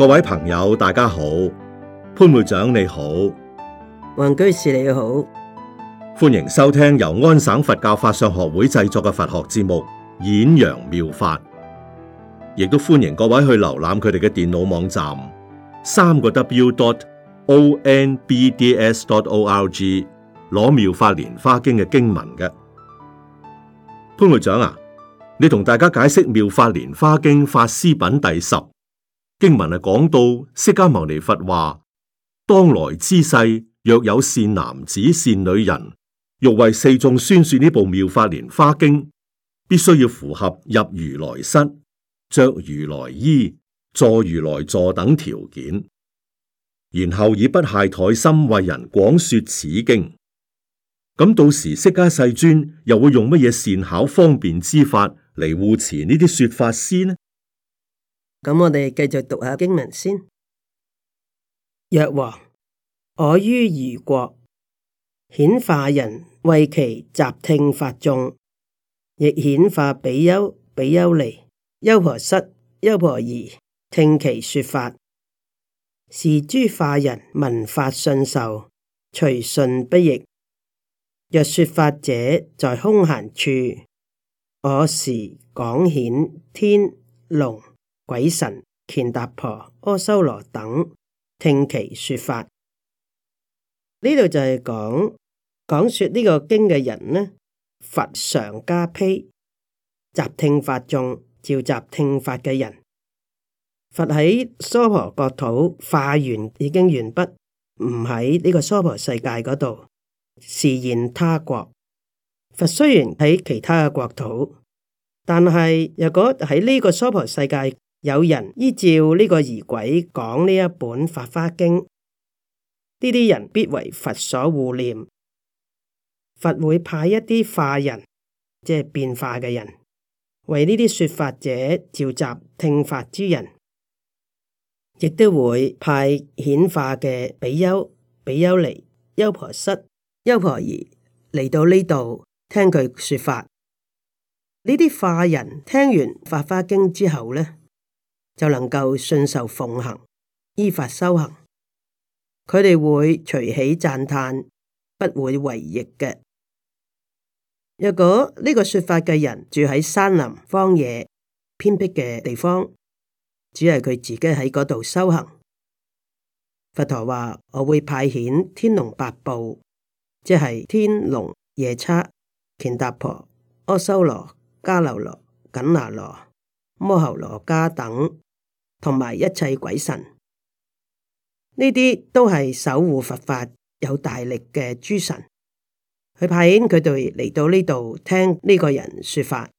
各位朋友，大家好，潘會長你好，黃居士你好，歡迎收聽由安省佛教法相學會製作嘅佛學節目《演揚妙法》，亦都歡迎各位去瀏覽佢哋嘅電腦網站三個 w dot o n b d s dot o r g 攞妙法蓮花經嘅經文嘅。潘會長啊，你同大家解釋妙法蓮花經法師品第十。經文係講到釋迦牟尼佛話：當來之世，若有善男子、善女人，欲為四眾宣說呢部妙法蓮花經，必須要符合入如來室、着如來衣、坐如來座等條件，然後以不懈怠心為人廣說此經。咁到時釋迦世尊又會用乜嘢善巧方便之法嚟護持呢啲說法師呢？咁我哋繼續讀下經文先。藥王，我於餘國遣化人，為其集聽法眾，亦遣化比丘、比丘尼、優婆塞、優婆夷聽其說法。是諸化人聞法信受，隨順不逆。若說法者在空閑處，我時廣遣天龍、鬼神、乾達婆、阿修羅等聽其說法，呢度就係講講說呢個經嘅人呢，佛常加披集聽法眾，召集聽法嘅人。佛喺娑婆國土化緣已經完畢，唔喺呢個娑婆世界嗰度，示現他國。佛雖然喺其他國土，但係若果喺呢個娑婆世界。有人依照呢個儀軌講呢一本《法花經》，呢啲人必為佛所護念。佛會派一啲化人，即係變化嘅人，為呢啲說法者召集聽法之人，亦都會派顯化嘅比丘、比丘尼、優婆塞、優婆夷嚟到呢度聽佢說法。呢啲化人聽完《法花經》之後咧。就能夠順受奉行，依法修行，佢哋會隨喜讚嘆，不會違逆嘅。若果呢個說法嘅人住喺山林荒野偏僻嘅地方，只係佢自己喺嗰度修行，佛陀話：我會派遣天龍八部，即係天龍夜叉、乾達婆、阿修羅、迦樓羅、緊那羅、摩喉羅伽等。同埋一切鬼神，呢啲都係守護佛法有大力嘅諸神，去派遣佢哋嚟到呢度聽呢個人說法。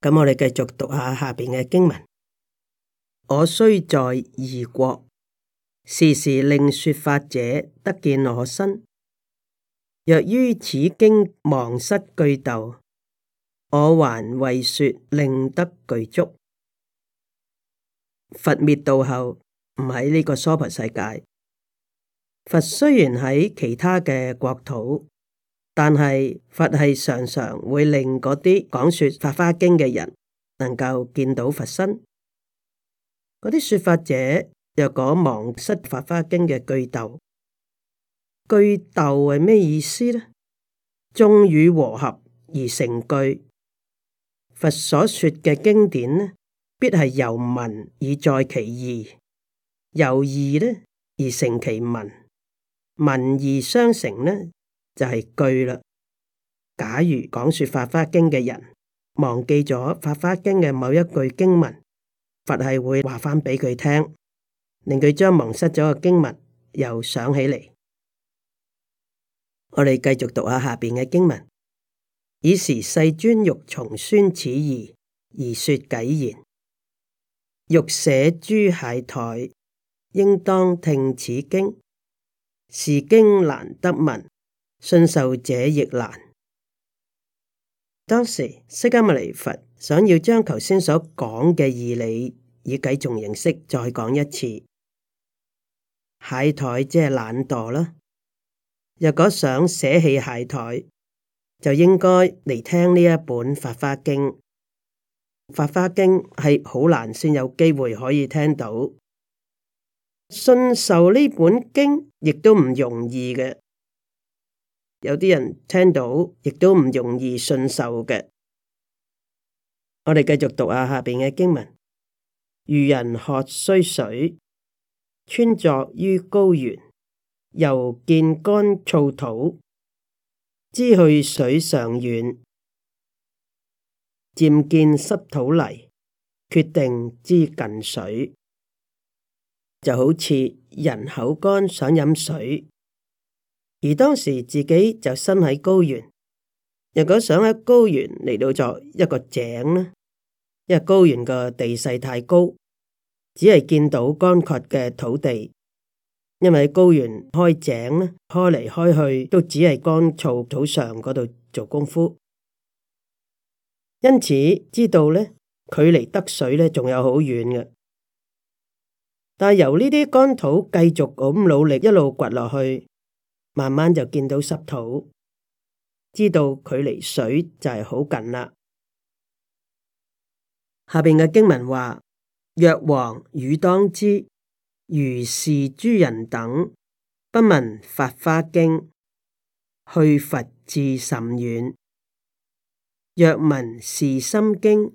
咁我哋繼續讀下下邊嘅經文：我雖在異國，時時令說法者得見我身；若於此經忘失句讀，我還為說令得具足。佛滅度後唔喺呢個娑婆世界，佛雖然喺其他嘅國土，但係佛係常常會令嗰啲講說《法華經》嘅人能夠見到佛身。嗰啲說法者若果忘失《法華經》嘅句斗，句斗係咩意思呢？終與和合而成句。佛所說嘅經典呢？必係由文而載其義，由義咧而成其文，文義相承咧就係、是、句啦。假如講說《法華經》嘅人忘記咗《法華經》嘅某一句經文，佛係會話返俾佢聽，令佢將忘失咗嘅經文又想起嚟。我哋繼續讀下下邊嘅經文。以時世尊欲重宣此義，而說偈言。欲捨諸懈怠，應當聽此經。是經難得聞，信受者亦難。當時釋迦牟尼佛想要將頭先所講嘅義理以偈頌形式再講一次。懈怠即係懶惰啦。若果想捨棄懈怠，就應該嚟聽呢一本《法華經》。法花經係好難先有機會可以聽到，信受呢本經亦都唔容易嘅。有啲人聽到亦都唔容易信受嘅。我哋繼續讀下下邊嘅經文：如人渴須水，穿作於高原，又見乾燥土，知去水尚遠。漸見濕土泥，決定知近水，就好似人口乾想飲水，而當時自己就身喺高原，如果想喺高原嚟到作一個井呢，因為高原嘅地勢太高，只係見到乾涸嘅土地，因為高原開井呢，開嚟開去都只係乾燥土上嗰度做功夫。因此知道咧，距離得水咧仲有好遠嘅。但係由呢啲乾土繼續咁努力一路掘落去，慢慢就見到濕土，知道距離水就係好近啦。下面嘅經文話：若王汝當知，如是諸人等不聞法花經，去佛至甚遠。若文是心經，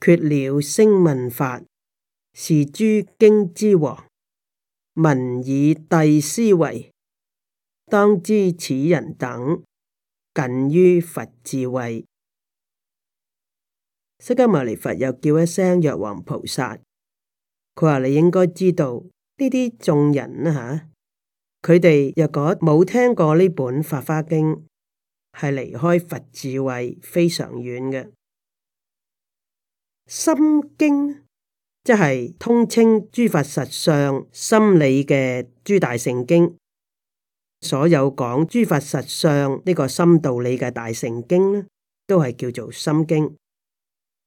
缺了聲聞法是諸經之王。文以第思為，當知此人等近於佛智慧。釋迦牟尼佛又叫一聲藥王菩薩，佢話：你應該知道呢啲眾人啦吓，佢哋若果冇聽過呢本法花經。係離開佛智慧非常遠嘅心經，即係通稱諸法實相心理嘅諸大聖經。所有講諸法實相呢個深道理嘅大聖經都係叫做心經。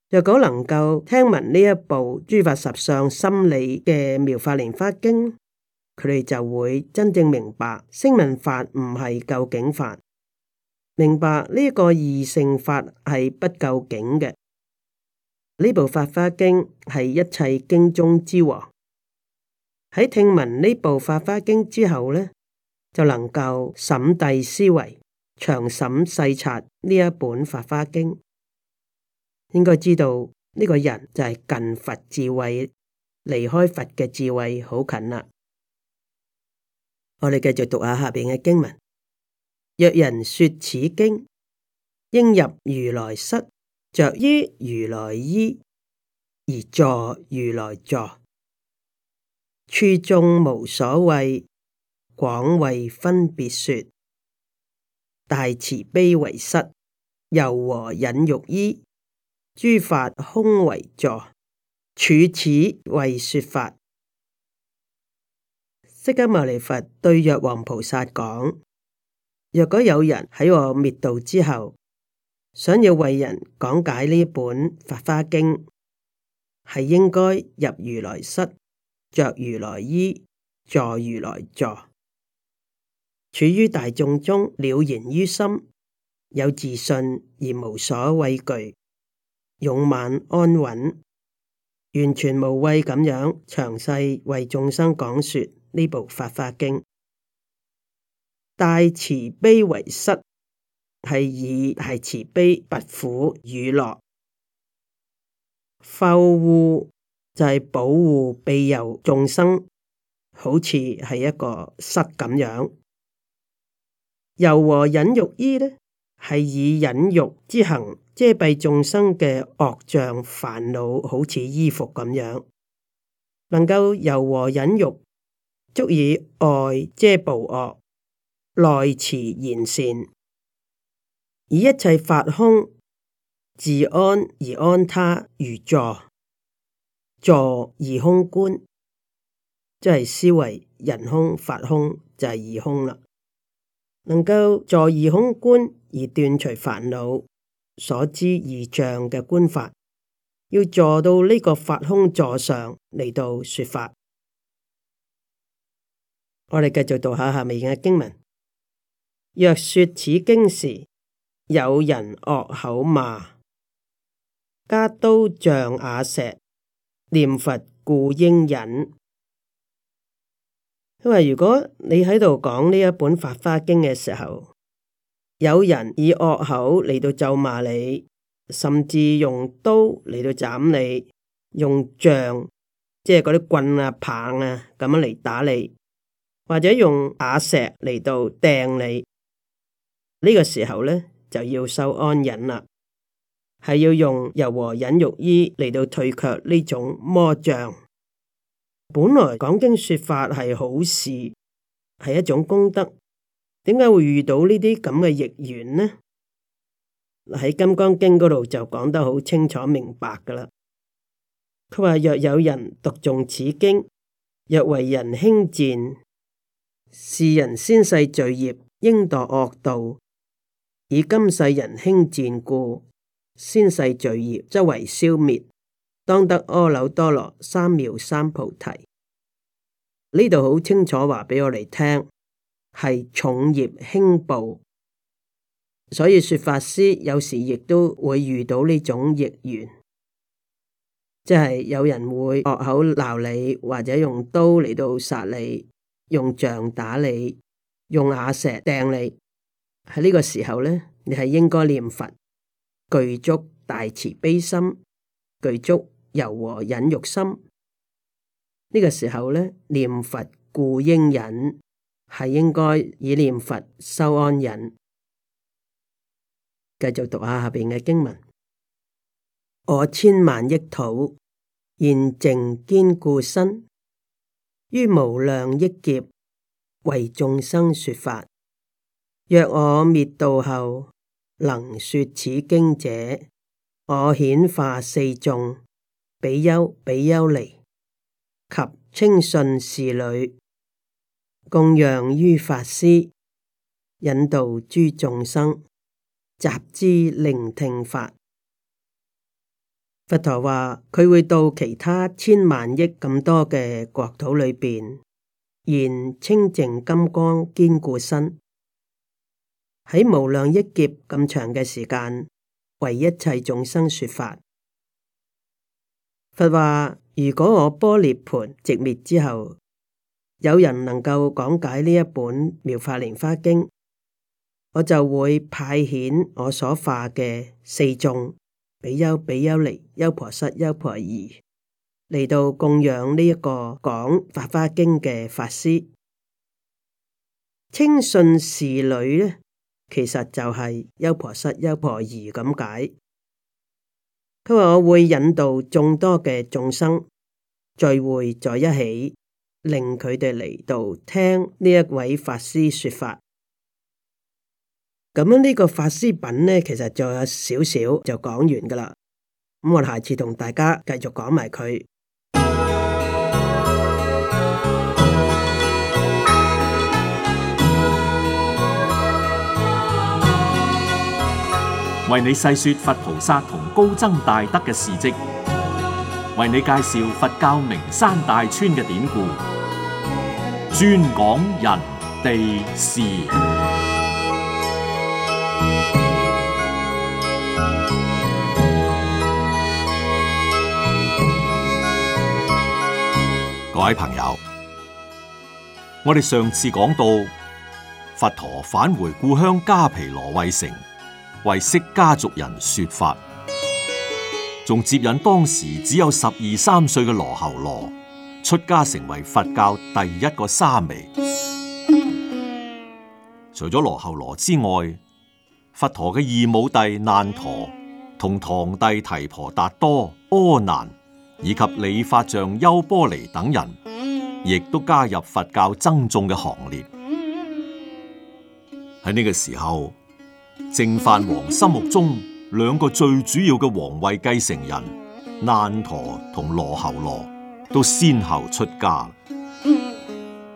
若果能夠聽聞呢一部諸法實相心理嘅妙法蓮華經，佢哋就會真正明白聲聞法唔係究竟法。明白呢一、這個二乘法係不究竟嘅，呢部《法華經》係一切經中之王。喺聽聞呢部《法華經》之後呢，就能夠審諦思維、詳審細察呢一本《法華經》，應該知道呢、這個人就係近佛智慧，離開佛嘅智慧好近啦。我哋繼續讀下下面嘅經文。若人說此經，應入如來室，着於如來衣，而坐如來座。處眾無所畏，廣為分別說，大慈悲為室，柔和忍辱衣，諸法空為座，處此為說法。釋迦牟尼佛對藥王菩薩講。若果有人喺我滅度之後，想要為人講解呢本《法華經》，係應該入如來室，着如來衣，坐如來座，處於大眾中，了然於心，有自信而無所畏懼，勇猛安穩，完全無畏咁樣，詳細為眾生講說呢部《法華經》。大慈悲為室，係以係慈悲拔苦與樂，護就係、是、保護庇佑眾生，好似係一個室咁樣。柔和忍辱衣呢，係以忍辱之行遮蔽眾生嘅惡障煩惱，好似衣服咁樣，能夠柔和忍辱，足以愛遮暴惡。內慈言善，以一切法空自安而安他，如坐坐二空觀，即係思維人空法空就係、是、二空啦。能夠坐二空觀而斷除煩惱所知二障嘅觀法，要坐到呢個法空座上嚟到說法。我哋繼續讀下下面嘅經文。若說此經時，有人惡口罵，加刀杖瓦石，念佛故應忍。因為如果你喺度講呢一本《法花經》嘅時候，有人以惡口嚟到咒罵你，甚至用刀嚟到斬你，用杖，即係嗰啲棍啊棒啊咁樣嚟打你，或者用瓦石嚟到掟你。呢個時候咧就要受安忍啦，係要用柔和忍辱衣嚟到退卻呢種魔障。本來講經說法係好事，係一種功德，點解會遇到呢啲咁嘅逆緣呢？喺金剛經嗰度就講得好清楚明白噶啦。佢話若有人讀誦此經，若為人輕賤，是人先世罪業，應墮惡道，以今世人輕賤故，先世罪業則為消滅，當得阿耨多羅三藐三菩提。呢度好清楚話俾我哋聽，係重業輕報，所以說法師有時亦都會遇到呢種逆緣，即係有人會惡口鬧你，或者用刀嚟到殺你，用杖打你，用瓦石掟你。喺呢個時候咧，你係應該念佛，具足大慈悲心，具足柔和忍辱心。呢、這個時候咧，念佛故應忍，係應該以念佛修安忍。繼續讀下下邊嘅經文：我千萬億土現淨堅固身，於無量億劫為眾生說法。若我滅度後，能說此經者，我顯化四眾，比丘、比丘尼及清信士女，供養於法師，引導諸眾生，集之聆聽法。佛陀話佢會到其他千萬億咁多嘅國土裏邊，現清淨金剛、堅固身。喺無量億劫咁長嘅時間，為一切眾生說法，佛話：如果我般涅槃寂滅之後，有人能夠講解呢一本妙法蓮花經，我就會派遣我所化嘅四眾比丘、比丘尼、優婆塞、優婆夷嚟到供養呢一個講法花經嘅法師，清信士女呢。其實就係、是、優婆塞、優婆夷咁解。佢話我會引導眾多嘅眾生聚會在一起，令佢哋嚟到聽呢一位法師說法。咁樣呢個法師品呢，其實仲有少少就講完噶啦。咁、嗯、我下次同大家繼續講埋佢。為你細說佛菩薩同高僧大德嘅事跡，為你介紹佛教名山大川嘅典故，專講人地事。各位朋友，我哋上次講到佛陀返回故鄉加毗羅衛城。為釋家族人說法，仲接引當時只有十二三歲嘅羅睺羅出家成為佛教第一個沙彌。除咗羅睺羅之外，佛陀嘅異母弟難陀同堂弟提婆達多、阿難以及理髮匠優波離等人，亦都加入佛教僧眾嘅行列。喺呢個時候，淨飯王心目中兩個最主要嘅皇位繼承人難陀同羅睺羅都先後出家，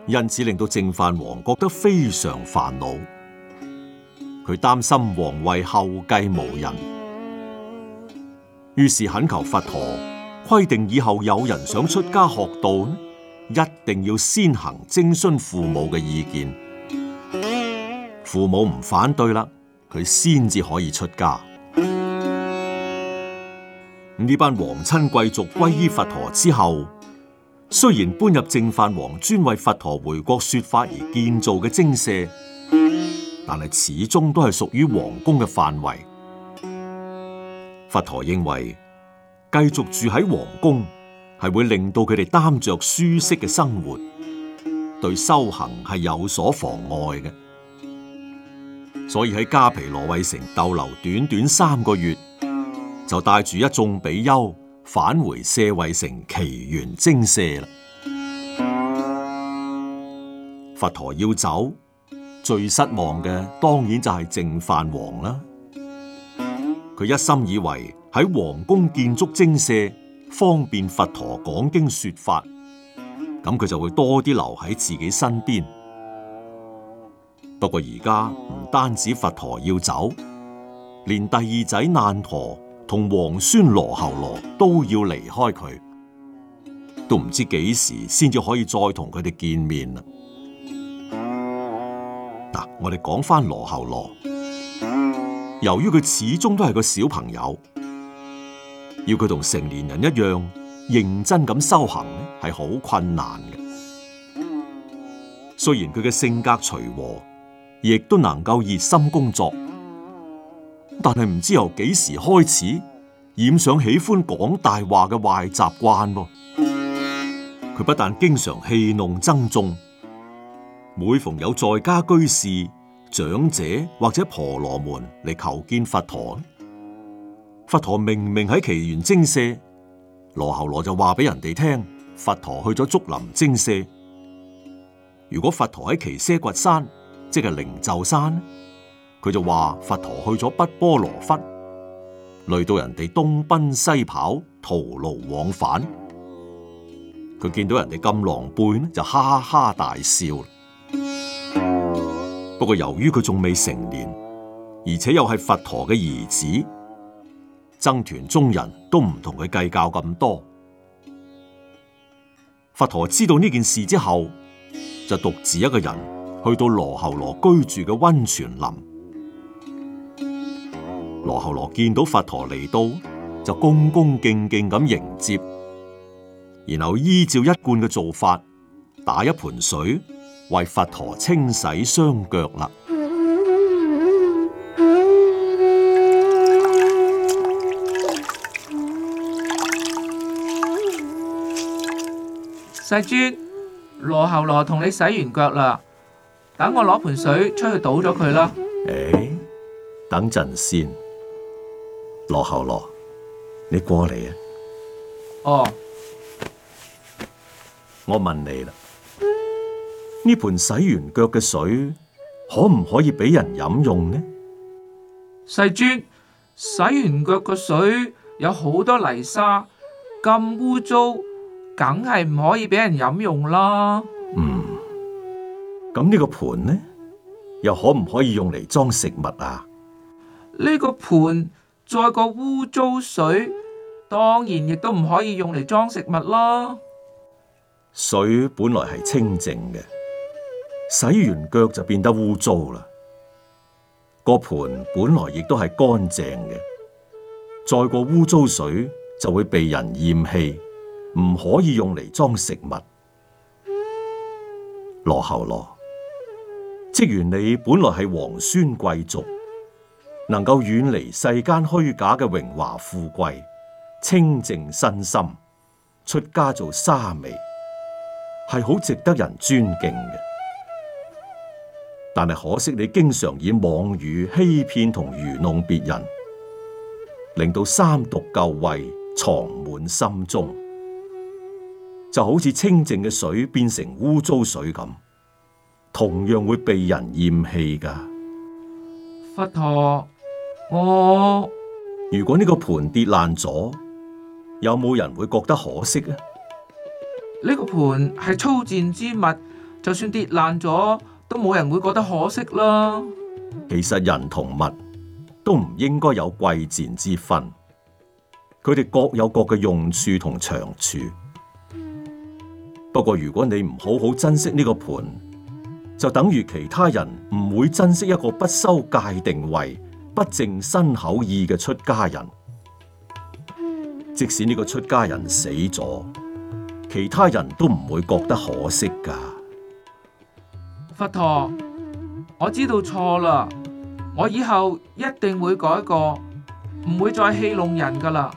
因此令到淨飯王覺得非常煩惱。佢擔心皇位後繼無人，於是懇求佛陀規定以後有人想出家學道，一定要先行徵詢父母嘅意見，父母唔反對啦。佢先至可以出家。呢班皇親貴族皈依佛陀之後，雖然搬入淨飯王專為佛陀回國說法而建造嘅精舍，但係始終都係屬於皇宮嘅範圍。佛陀認為，繼續住喺皇宮係會令到佢哋擔着舒適嘅生活，對修行係有所妨礙嘅。所以喺加皮羅衛城逗留短短三個月，就帶住一眾比丘返回舍衛城祇園精舍。佛陀要走，最失望嘅當然就係淨飯王啦。佢一心以為喺皇宮建築精舍，方便佛陀講經說法，咁佢就會多啲留喺自己身邊。不過而家唔單止佛陀要走，連第二仔難陀同皇孫羅睺羅都要離開佢，都唔知幾時先至可以再同佢哋見面啦。嗱，我哋講翻羅睺羅，由於佢始終都係個小朋友，要佢同成年人一樣認真咁修行咧，係好困難嘅。雖然佢嘅性格隨和。亦都能夠熱心工作，但係唔知由幾時開始染上喜歡講大話嘅壞習慣、哦。佢不但經常戲弄僧眾，每逢有在家居士、長者或者婆羅門嚟求見佛陀，佛陀明明喺祇園精舍，羅睺羅就話俾人哋聽，佛陀去咗竹林精舍。如果佛陀喺耆闍崛山。即係靈鷲山，佢就話佛陀去咗北波羅窟，累到人哋東奔西跑，徒勞往返。佢見到人哋咁狼狽，就哈哈大笑。不過由於佢仲未成年，而且又係佛陀嘅兒子，僧團中人都唔同佢計較咁多。佛陀知道呢件事之後，就獨自一個人。去到羅睺羅居住嘅温泉林，羅睺羅見到佛陀嚟到，就恭恭敬敬咁迎接，然後依照一貫嘅做法，打一盆水為佛陀清洗雙腳啦。世尊，羅睺羅同你洗完腳啦。等我攞盆水出去倒咗佢啦。誒、哎，等陣先，羅睺羅，你過嚟啊！哦，我問你啦，呢盆洗完腳嘅水可唔可以俾人飲用呢？世尊，洗完腳嘅水有好多泥沙，咁污糟，梗係唔可以俾人飲用啦。咁呢個盤呢，又可唔可以用嚟裝食物啊？呢個盤再過污糟水，當然亦都唔可以用嚟裝食物啦。水本來係清淨嘅，洗完腳就變得污糟啦。個盤本來亦都係乾淨嘅，再過污糟水就會被人嫌棄，唔可以用嚟裝食物。羅睺羅。即如你本來係皇孫貴族，能夠遠離世間虛假嘅榮華富貴，清靜身心，出家做沙彌，係好值得人尊敬嘅。但係可惜你經常以妄語欺騙同愚弄別人，令到三毒垢穢藏滿心中，就好似清靜嘅水變成污糟水咁。同樣會被人厭棄噶。佛陀，我如果呢個盤跌爛咗，有冇人會覺得可惜咧？呢個盤係粗賤之物，就算跌爛咗，都冇人會覺得可惜啦。其實人同物都唔應該有貴賤之分，佢哋各有各嘅用處同長處。不過如果你唔好好珍惜呢個盤，就等於其他人唔會珍惜一個不修戒定慧、不正身口意嘅出家人。即使呢個出家人死咗，其他人都唔會覺得可惜噶。佛陀，我知道錯啦，我以後一定會改過，唔會再戲弄人噶啦。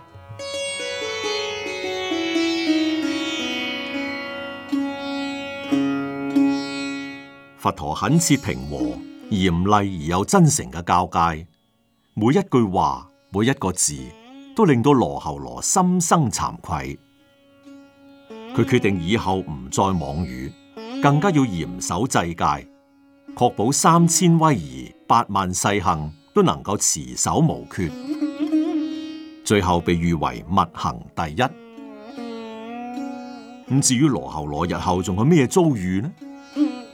佛陀懇切平和、嚴厲而又真誠嘅教戒，每一句話、每一個字都令到羅睺羅心生慚愧。佢決定以後唔再妄語，更加要嚴守制戒界，確保三千威儀、八萬細行都能夠持守無缺。最後被譽為密行第一。咁至於羅睺羅日後仲有咩遭遇呢？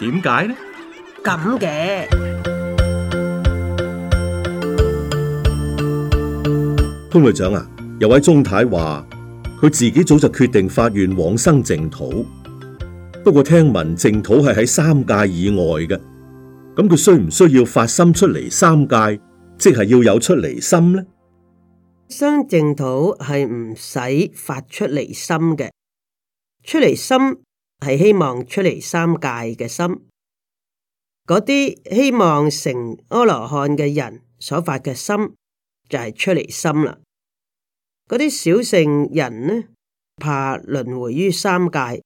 點解呢？咁嘅，潘會長啊，有位鍾太話佢自己早就決定發願往生淨土，不過聽聞淨土係喺三界以外嘅，咁佢需唔需要發心出離三界，即係要有出離心呢？生淨土係唔使發出離心嘅，出離心，係希望出離三界嘅心，嗰啲希望成阿羅漢嘅人所發嘅心就係出離心啦。嗰啲小聖人呢，怕輪回於三界，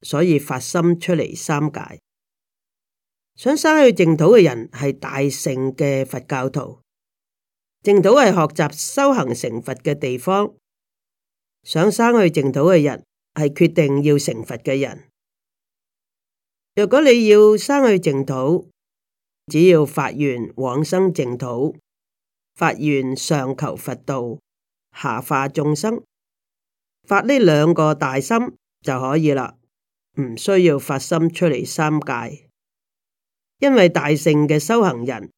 所以發心出離三界。想生去淨土嘅人係大乘嘅佛教徒，淨土係學習修行成佛嘅地方。想生去淨土嘅人係決定要成佛嘅人。如果你要生去淨土，只要發願往生淨土，發願上求佛道，下化眾生，發呢兩個大心就可以啦。唔需要發心出離三界，因為大乘嘅修行人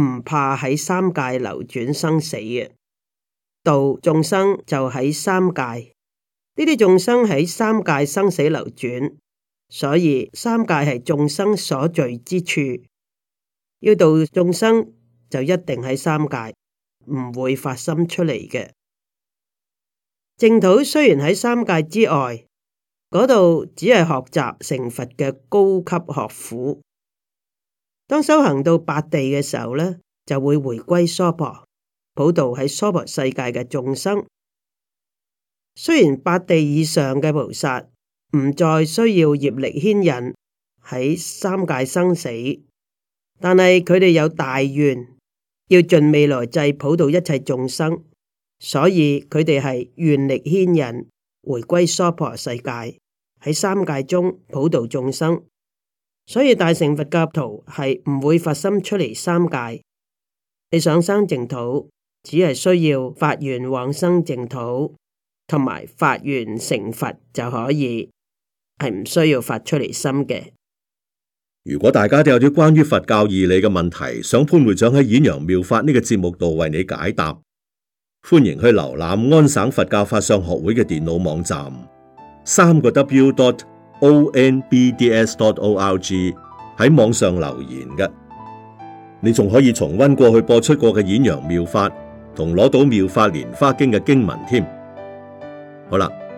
唔怕喺三界流轉生死嘅，度眾生就喺三界，呢啲眾生喺三界生死流轉。所以三界係眾生所聚之處，要度眾生就一定喺三界，唔會發心出嚟嘅。淨土雖然喺三界之外，嗰度只係學習成佛嘅高級學府。當修行到八地嘅時候咧，就會回歸娑婆，普度喺娑婆世界嘅眾生。雖然八地以上嘅菩薩。唔再需要業力牽引喺三界生死，但係佢哋有大願，要盡未來際普渡一切眾生，所以佢哋係願力牽引回歸娑婆世界喺三界中普度眾生。所以大乘佛教徒係唔會發心出離三界，你想生淨土只係需要發願往生淨土，同埋發願成佛就可以。係唔需要發出離心嘅。如果大家都有啲關於佛教義理嘅問題，想潘會長喺演揚妙法呢個節目度為你解答，歡迎去瀏覽安省佛教法相學會嘅電腦網站，三個 W dot O N B D S dot O R G 喺網上留言嘅。你仲可以重溫過去播出過嘅演揚妙法，同攞到妙法蓮花經嘅經文添。好啦。